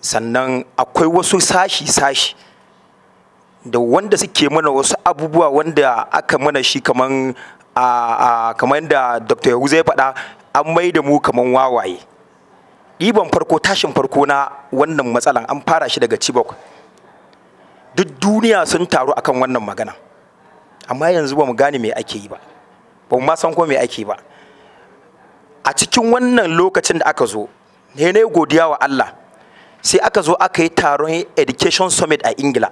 sannan akwai wasu sashi-sashi da wanda suke mana wasu abubuwa wanda aka mana shi kaman kamar yadda dr yahuza ya faɗa an mai da mu kaman wawaye ɗiban farko tashin farko na wannan matsalan an fara shi daga cibok duk duniya sun taru akan wannan magana amma yanzu ba mu gane me ake yi ba ba mu ma san ko me ake ba a cikin wannan lokacin da aka zo ne ne godiya wa Allah sai aka zo aka yi taron education summit a ingila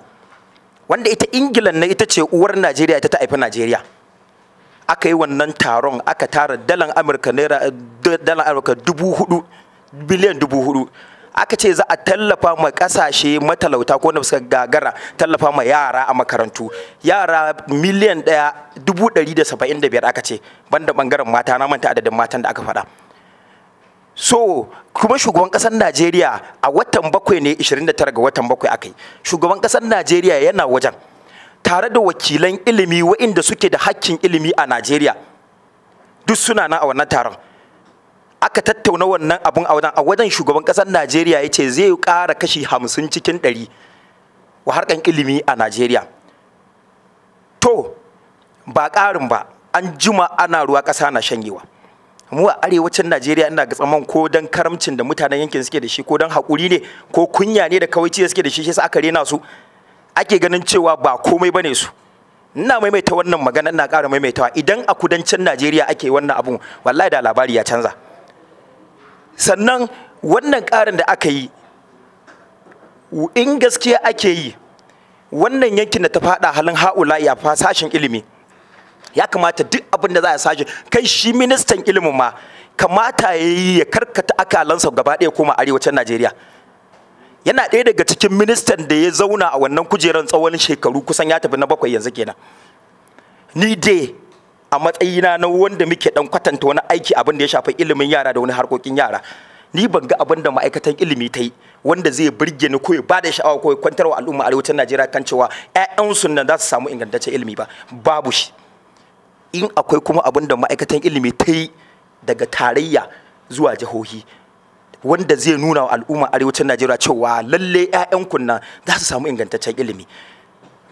wanda ita ingila na ita ce uwar najeriya ita ta haifi najeriya aka yi wannan taron aka tara dalan amurka naira dalan amurka dubu hudu biliyan dubu hudu aka ce za a tallafa ma kasashe matalauta ko na suka gagara tallafa ma yara a makarantu yara miliyan ɗaya dubu ɗari da saba'in da biyar aka ce banda bangaren mata na manta adadin matan da aka faɗa so kuma shugaban kasar najeriya a watan bakwai ne 29 ga watan bakwai aka yi shugaban kasar najeriya yana wajen tare da wakilan ilimi waɗanda suke da hakkin ilimi a najeriya duk suna nan a wannan taron aka tattauna wannan abun a wajen a wajen shugaban kasar najeriya yace zai ƙara kashi hamsin cikin ɗari wa harkan ilimi a najeriya to ba ƙarin ba an jima ana ruwa ƙasa na shanyewa mu a arewacin Najeriya ina ga tsaman ko dan karamcin da mutanen yankin suke da shi ko dan hakuri ne ko kunya ne da kawaici suke da shi shi aka rena su ake ganin cewa ba komai bane su ina maimaita wannan magana ina ƙara maimaitawa idan a kudancin Najeriya ake wannan abun wallahi da labari ya canza sannan wannan ƙarin da aka yi in gaskiya ake yi wannan yankin da ta faɗa halin ha'ula ya fasashin ilimi ya kamata duk abin da za a sashi kai shi ministan ilimin ma kamata ya yi ya karkata akalansa gaba ɗaya koma arewacin najeriya yana ɗaya daga cikin ministan da ya zauna a wannan kujerar tsawon shekaru kusan ya tafi na bakwai yanzu kenan ni dai a matsayina na wanda muke dan kwatanta wani aiki abin da ya shafi ilimin yara da wani harkokin yara ni ban ga abin da ma'aikatan ilimi ta yi wanda zai birge ni ko ya ba da sha'awa ko ya kwantar wa al'umma arewacin najeriya kan cewa 'ya'yansu nan za su samu ingantaccen ilimi ba babu shi in akwai kuma abin da ma'aikatan ilimi ta yi daga tarayya zuwa jihohi wanda zai nuna wa al'umma arewacin najeriya cewa lalle 'ya'yan kunna za su samu ingantaccen ilimi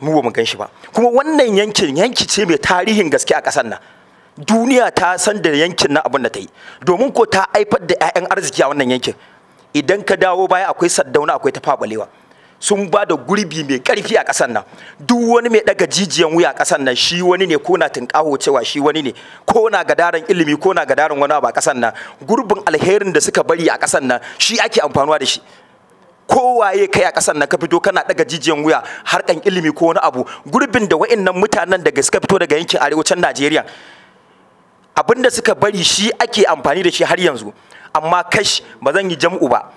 mu ba mu gan shi ba kuma wannan yankin yanki ce mai tarihin gaske a ƙasar nan duniya ta san da yankin na abin da ta yi domin ko ta haifar da 'ya'yan arziki a wannan yankin idan ka dawo baya akwai saddauna akwai tafa balewa sun ba da gurbi mai karfi a ƙasar nan duk wani mai daga jijiyan wuya a ƙasar nan shi wani ne ko na tunƙaho cewa shi wani ne ko na gadaran ilimi ko na gadaran wani abu a ƙasar nan gurbin alherin da suka bari a ƙasar nan shi ake amfanuwa da shi kowaye kai a ƙasar nan ka fito kana daga jijiyan wuya harkan ilimi ko wani abu gurbin da wa'annan mutanen daga suka fito daga yankin arewacin Najeriya abinda suka bari shi ake amfani da shi har yanzu amma kash ba zan yi jam'u ba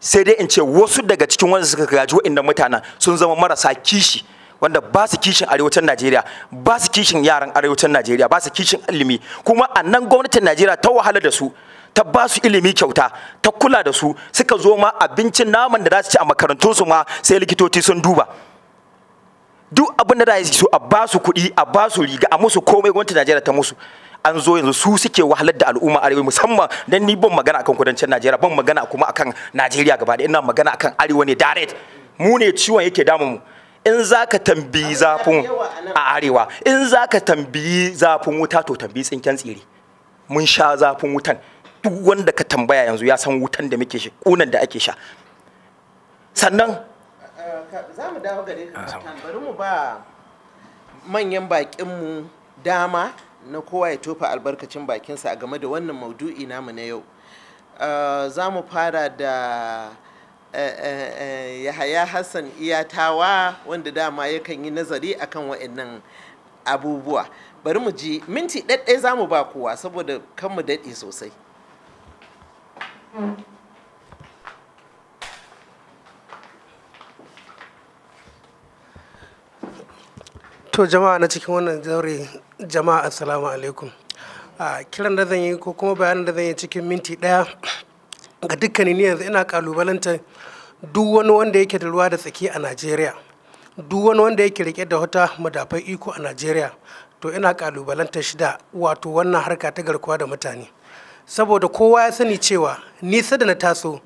sai dai in ce wasu daga cikin wanda suka gaji waɗannan mutanen sun zama marasa kishi wanda ba su kishin arewacin Najeriya ba su kishin yaran arewacin Najeriya ba su kishin ilimi kuma a nan gwamnatin Najeriya ta wahala da su ta ba su ilimi kyauta ta kula da su suka zo ma abincin naman da za su ci a makarantun su ma sai likitoci sun duba duk abin da za su a ba su kuɗi a ba su riga a musu komai gwamnatin Najeriya ta musu an zo yanzu su suke wahalar da al'umma arewa musamman dan ni ban magana akan kudancin Najeriya ban magana kuma akan Najeriya gaba da ina magana akan arewa ne direct mu ne ciwon yake damu mu in zaka tambayi zafin a arewa in zaka tambayi zafin wuta to tambayi tsinken tsire mun sha zafin wutan duk wanda ka tambaya yanzu ya san wutan da muke shi kunan da ake sha sannan za mu dawo gare ka bari mu ba manyan bakinmu dama na kowa ya tofa albarkacin bakinsa a game da wannan maudu'i namu na yau eh, za mu fara da eh, eh, yahaya hassan iyatawa wanda dama yakan yi nazari akan wa'annan abubuwa bari mu ji minti ɗaɗɗai za mu ba kowa saboda kan mu daɗe sosai to jama'a na cikin wannan zaure jama'a assalamu alaikum a kiran da zan yi ko kuma bayanin da zan yi cikin minti ɗaya ga dukkanin ni yanzu ina kalubalanta duk wani wanda yake da ruwa da tsaki a najeriya duk wani wanda yake rike da wata madafai iko a najeriya to ina kalubalanta shida wato wannan harka ta garkuwa da mutane saboda kowa ya sani cewa nisa da na taso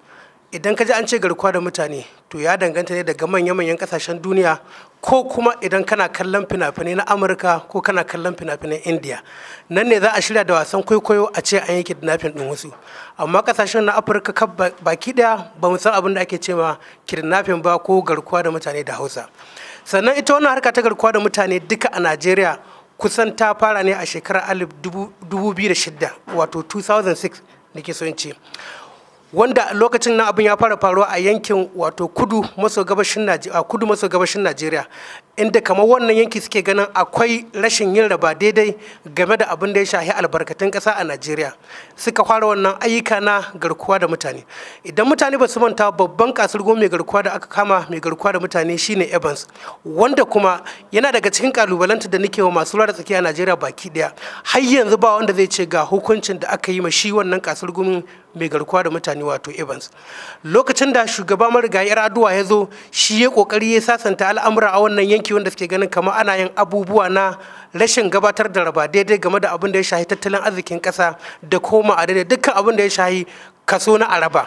idan ka ji an ce garkuwa da mutane to ya danganta ne daga manya-manyan kasashen duniya ko kuma idan kana kallon fina-finai na amurka ko kana kallon fina-finan india nan ne za a shirya da wasan kwaikwayo a ce an yi kidnapping din wasu amma kasashen na afirka ka baki daya ba mu san abin da ake cewa kidnapping ba ko garkuwa da mutane da hausa sannan ita wannan harka ta garkuwa da mutane duka a najeriya kusan ta fara ne a shekarar 2006 wato 2006 nake so in ce wanda lokacin nan abin ya fara faruwa a yankin wato kudu maso gabashin Najeriya kudu maso gabashin Najeriya inda kamar wannan yanki suke ganin akwai rashin yin raba daidai game da abin da ya shahi albarkatun ƙasa a najeriya suka fara wannan ayyuka na garkuwa da mutane idan mutane ba su manta babban kasar mai garkuwa da aka kama mai garkuwa da mutane shine evans wanda kuma yana daga cikin kalubalanta da nake wa masu ruwa da tsakiya a najeriya baki daya har yanzu ba wanda zai ce ga hukuncin da aka yi ma shi wannan kasar gumin mai garkuwa da mutane wato evans lokacin da shugaba marigayi aduwa ya zo shi ya kokari ya sasanta al'amura a wannan yanki yanki wanda suke ganin kamar ana yin abubuwa na rashin gabatar da raba daidai game da abin da ya shahi tattalin arzikin ƙasa da koma a daidai dukkan abin da ya shahi kaso na araba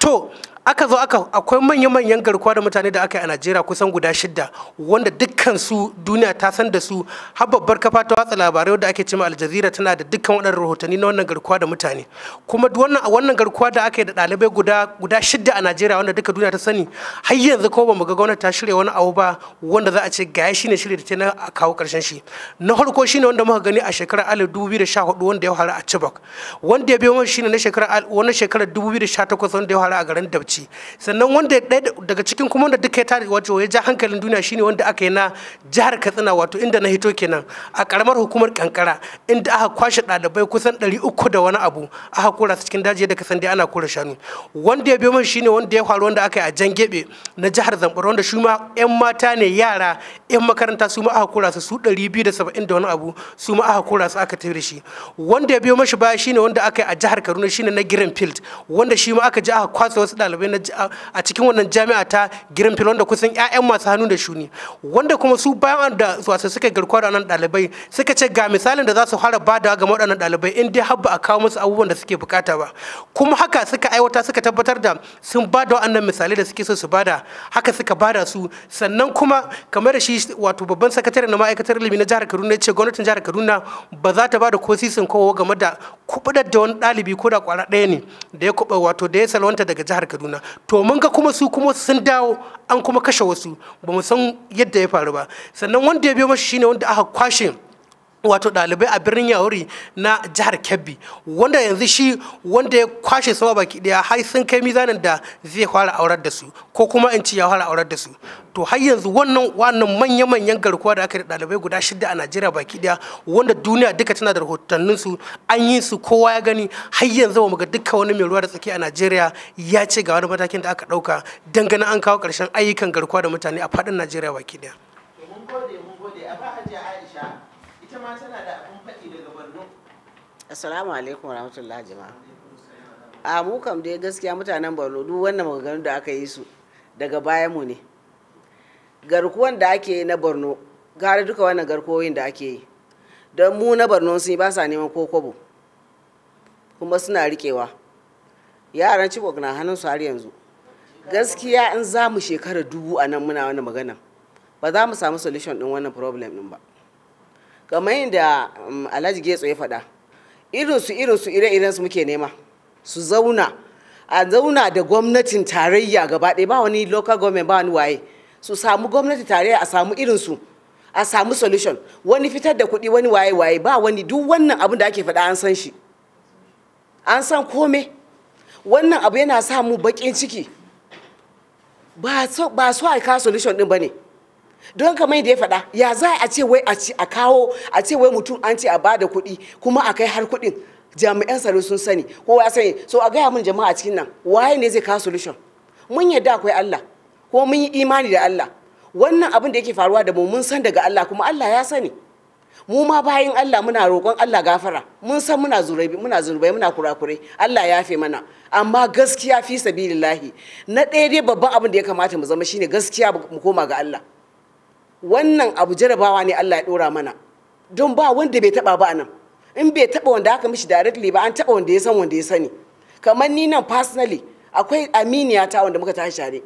to aka zo aka akwai manya-manyan garkuwa da mutane da aka yi a najeriya kusan guda shida wanda dukkan su duniya ta san da su har babbar kafa ta watsa labarai wadda ake cewa jazeera tana da dukkan waɗannan rahotanni na wannan garkuwa da mutane kuma wannan wannan garkuwa da aka yi da ɗalibai guda guda shida a najeriya wanda duka duniya ta sani har yanzu ko ba mu ga gwamnati ta shirya wani abu ba wanda za a ce gaya shine shirya da ta na kawo ƙarshen shi na farko shine wanda muka gani a shekarar 2014 wanda ya faru a Chibok wanda ya biyo shine na shekarar wani shekarar 2018 wanda ya faru a garin Dabci ce sannan wanda daga cikin kuma wanda duka ya tare wato ya ja hankalin duniya shine wanda aka yi na jihar katsina wato inda na hito kenan a karamar hukumar kankara inda aka kwashe ɗalibai kusan ɗari uku da wani abu aka kora su cikin daji da kasan dai ana kora shanu wanda ya biyo mashi shine wanda ya faru wanda aka yi a jan gebe na jihar zamfara wanda shi ma yan mata ne yara yan makaranta su ma aka kora su su ɗari biyu da saba'in da wani abu su ma aka kora su aka tafi da shi wanda ya biyo mashi baya shine wanda aka yi a jihar kaduna shine na girin field wanda shi ma aka ji aka kwasa wasu ɗalibai zaɓe a cikin wannan jami'a ta girin filon da kusan 'ya'yan masu hannu da shuni wanda kuma su bayan da wasu suka garkuwa da nan ɗalibai suka ce ga misalin da za su fara bada ga waɗannan ɗalibai in dai har ba a kawo musu abubuwan da suke bukata ba kuma haka suka aiwata suka tabbatar da sun ba da waɗannan misalai da suke so su bada haka suka bada su sannan kuma kamar da shi wato babban sakatare na ma'aikatar ilimi na jihar Kaduna ya ce gwamnatin jihar Kaduna ba za ta bada da kosisin kowa game da kuɓuɗar da wani ɗalibi ko da kwara ɗaya ne da ya kuɓa wato da ya salwanta daga jihar Kaduna wannan to mun ga kuma su kuma sun dawo an kuma kashe wasu ba mu san yadda ya faru ba sannan wanda ya biyo mashi shine wanda aka kwashe wato ɗalibai a birnin yauri na jihar kebbi wanda yanzu shi wanda ya kwashe sama baki ɗaya har sun kai mizanin da zai fara aurar da su ko kuma in ci ya fara aurar da su to har yanzu wannan wannan manya-manyan garkuwa da aka da ɗalibai guda shida a najeriya baki ɗaya wanda duniya duka tana da rahotannin su an yi su kowa ya gani har yanzu ba mu ga dukkan wani mai ruwa da tsaki a najeriya ya ce ga wani matakin da aka ɗauka dangane an kawo ƙarshen ayyukan garkuwa da mutane a faɗin najeriya baki ɗaya. Assalamu alaikum warahmatullahi jama'a. A mu kam dai gaskiya mutanen Borno duk wannan maganganu da aka yi su daga baya mu ne. Garkuwan da ake na Borno gara duka wannan garkuwoyin da ake yi. Don mu na Borno sun yi ba sa neman kobo Kuma suna riƙewa. Yaran ci na hannun su har yanzu. Gaskiya in za mu shekara dubu a nan muna wannan magana ba za mu samu solution ɗin wannan problem ɗin ba. Kamar yadda um, Alhaji Getso ya faɗa. irinsu irinsu ire-irensu muke nema su zauna a zauna da gwamnatin tarayya gaba ɗaya ba wani local government ba wani waye su samu gwamnati tarayya a samu irinsu a samu solution wani fitar da kuɗi wani waye waye ba wani duk wannan abin da ake faɗa an san shi an san kome wannan abu yana samu baƙin ciki ba so a ka solution ɗin ba ne don kamar da ya faɗa ya za a ce wai a a kawo a ce wai mutum an ce a ba da kuɗi kuma a kai har kuɗin jami'an tsaro sun sani ko ya sani so a gaya mun jama'a cikin nan waye ne zai kawo solution mun yarda akwai Allah ko mun yi imani da Allah wannan abin da yake faruwa da mu mun san daga Allah kuma Allah ya sani mu ma bayan Allah muna roƙon Allah gafara mun san muna zurbi muna zurbai muna kurakurai Allah ya fe mana amma gaskiya fi sabilillahi na ɗaya dai babban abin da ya kamata mu zama shine gaskiya mu koma ga Allah wannan abu jarabawa ne Allah ya dora mana don ba wanda bai taba ba nan in bai taba wanda aka mishi directly ba an taba wanda ya san wanda ya sani kamar ni nan personally akwai aminiya ta wanda muka tashi tare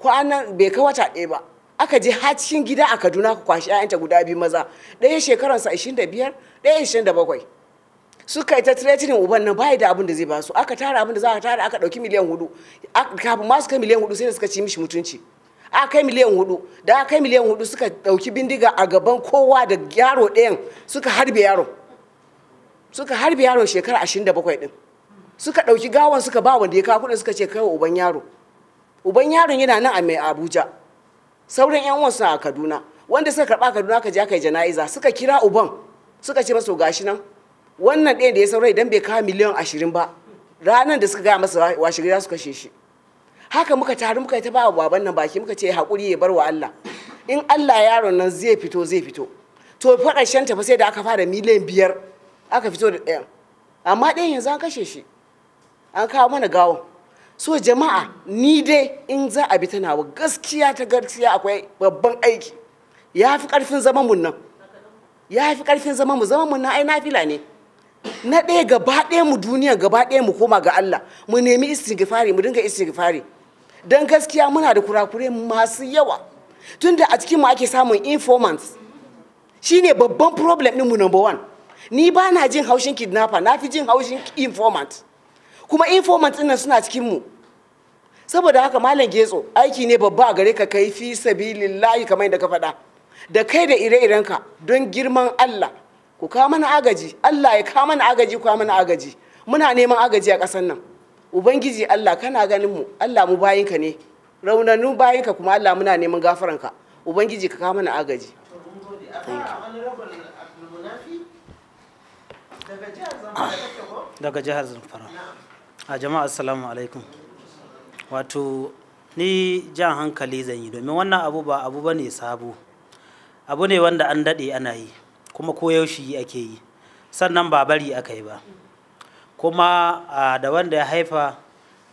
kwanan bai kai wata ɗaya ba aka je har cikin gida a Kaduna ka kwashi ta guda biyu maza ɗaya sa 25 ɗaya 27 suka yi ta tiretinin uban nan bai da abin da zai ba su aka tara abin da za a tara aka ɗauki miliyan hudu kafin ma su kai miliyan hudu sai da suka ci mishi mutunci a kai miliyan hudu da a kai miliyan hudu suka dauki bindiga a gaban kowa da yaro ɗayan suka harbe yaro suka harbe yaron shekara ashirin da bakwai din suka ɗauki gawan suka ba wanda ya kawo suka ce kai uban yaro uban yaron yana nan a mai abuja sauran yan wasu a kaduna wanda suka karba kaduna ka ja kai jana'iza suka kira uban suka ce masa gashi nan wannan ɗaya da ya saura idan bai kawo miliyan ashirin ba ranar da suka gaya masa washe gida suka kashe shi haka muka taru muka ta ba baban nan baki muka ce eh, hakuri ya bar wa Allah in Allah yaron nan zai fito zai fito to fada shan ta fa sai da aka fara miliyan biyar aka fito da ɗayan amma ɗayan yanzu an kashe shi an kawo mana gawon so jama'a ni dai in za a bi ta nawa gaskiya ta gaskiya akwai babban aiki ya fi ƙarfin zaman mun nan ya fi ƙarfin zaman mu zaman mun nan ai nafila ne na ɗaya gaba ɗaya mu duniya gaba ɗaya mu koma ga Allah mu nemi istighfari mu dinga istighfari don gaskiya muna da kurakure masu yawa tunda a cikin mu ake samun informants shine babban problem ɗinmu number one ni ba na jin haushin kidnapper na fi jin haushin informant kuma informant ɗin suna cikin mu saboda haka malam getso aiki ne babba a gare ka kai fi sabilillahi kamar yadda ka faɗa da kai da ire-irenka don girman Allah ku kawo mana agaji Allah ya kawo mana agaji ku mana agaji muna neman agaji a ƙasar nan ubangiji Allah kana ganin mu Allah mu bayinka ne raunanu bayinka kuma Allah muna neman gafaranka ubangiji ka kama na agaji daga jihar zamfara a jama'a assalamu alaikum wato ni jan hankali zan yi domin wannan abu ba abu ba ne sabo abu ne wanda an daɗe ana yi kuma koyaushe ake yi sannan ba bari aka yi ba kuma da wanda ya haifa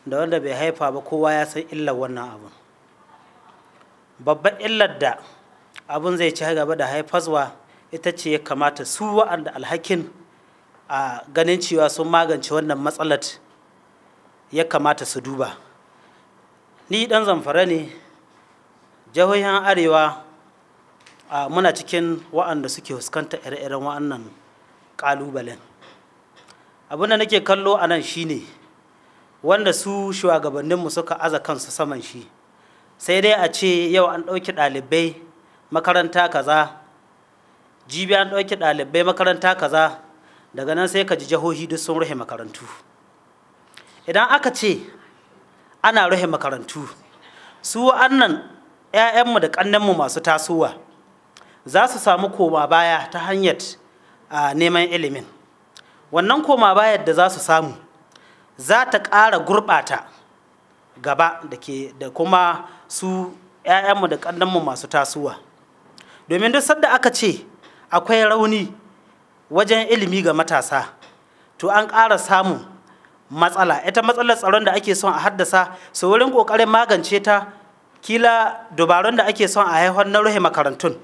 da wanda bai haifa ba kowa ya san illar wannan abun babban illar da abun zai ci gaba da haifaswa ita ce ya kamata su wa'anda alhakin a ganin cewa sun magance wannan matsalar ya kamata su duba ni dan zamfara ne jihohin arewa muna cikin wa'anda suke fuskanta ire-iren wa'annan ƙalubalen abin da nake kallo a nan shine wanda su shugabanninmu suka aza kansu saman shi sai dai a ce yau an ɗauki ɗalibai makaranta kaza jibi an ɗauki ɗalibai makaranta kaza daga nan sai ka ji jihohi duk sun rufe makarantu idan aka ce ana rufe makarantu su wa'annan 'ya'yanmu da ƙannenmu masu tasowa za su samu koma baya ta hanyar ah, neman ilimin wannan koma bayar da za su samu za ta ƙara gurɓata gaba da ke da kuma su 'ya'yanmu da ƙannanmu masu tasowa domin duk sadda aka ce akwai rauni wajen ilimi ga matasa to an ƙara samun matsala ita matsalar tsaron da ake son a haddasa su wurin ƙoƙarin magance ta kila dubarun da ake son a haihar na ruhe makarantun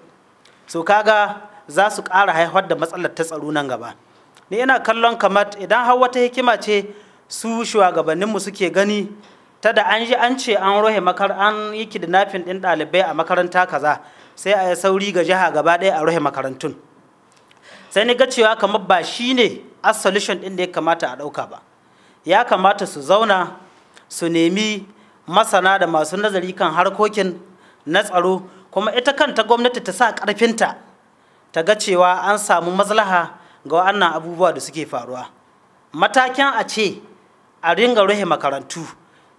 so kaga za su ƙara haihar da matsalar ta tsaro nan gaba ni ina kallon kamar idan har wata hikima ce su shugabanninmu suke gani ta da an ji an ce an rohe makar an yi kidnapping din ɗalibai a makaranta kaza sai a yi sauri ga jiha gaba ɗaya a rohe makarantun sai ni ga cewa kamar ba shi ne a solution ɗin da ya kamata a ɗauka ba ya kamata su zauna su nemi masana da masu nazari kan harkokin na tsaro kuma ita kanta gwamnati ta sa ƙarfinta ta ga cewa an samu maslaha ga wannan abubuwa da suke faruwa matakin a ce a ringa ruhe makarantu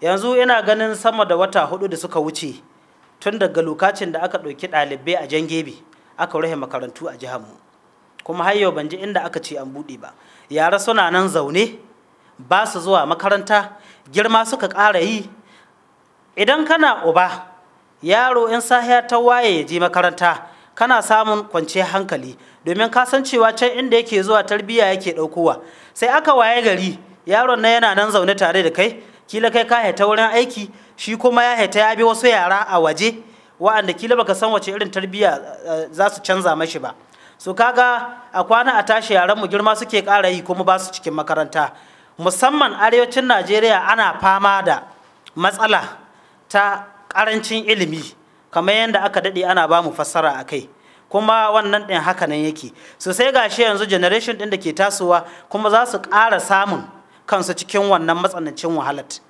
yanzu ina ganin sama da wata hudu da suka wuce tun daga lokacin da aka ɗauki ɗalibai a jan jangebe aka ruhe makarantu a jihar mu kuma har yau ban ji inda aka ce an buɗe ba yara suna nan zaune ba su zuwa makaranta girma suka ƙara yi idan kana uba yaro in sahiya ta waye ya je makaranta kana samun kwanciyar hankali domin ka san cewa can inda yake zuwa tarbiyya yake ɗaukowa sai aka waye gari yaron na yana nan zaune tare da kai kila kai ka haita wurin aiki shi kuma ya haita ya bi wasu yara a waje wa'anda kila baka san wace irin tarbiyya eh, za su canza mashi ba su kaga a kwana a tashi yaran mu girma suke ƙara yi kuma ba su cikin makaranta musamman arewacin najeriya ana fama da matsala ta ƙarancin ilimi kamar yadda aka daɗe ana ba mu fassara a kai kuma wannan ɗin haka nan yake so sai shi yanzu generation ɗin da ke tasowa kuma za su ƙara samun kansu cikin wannan matsanancin wahalat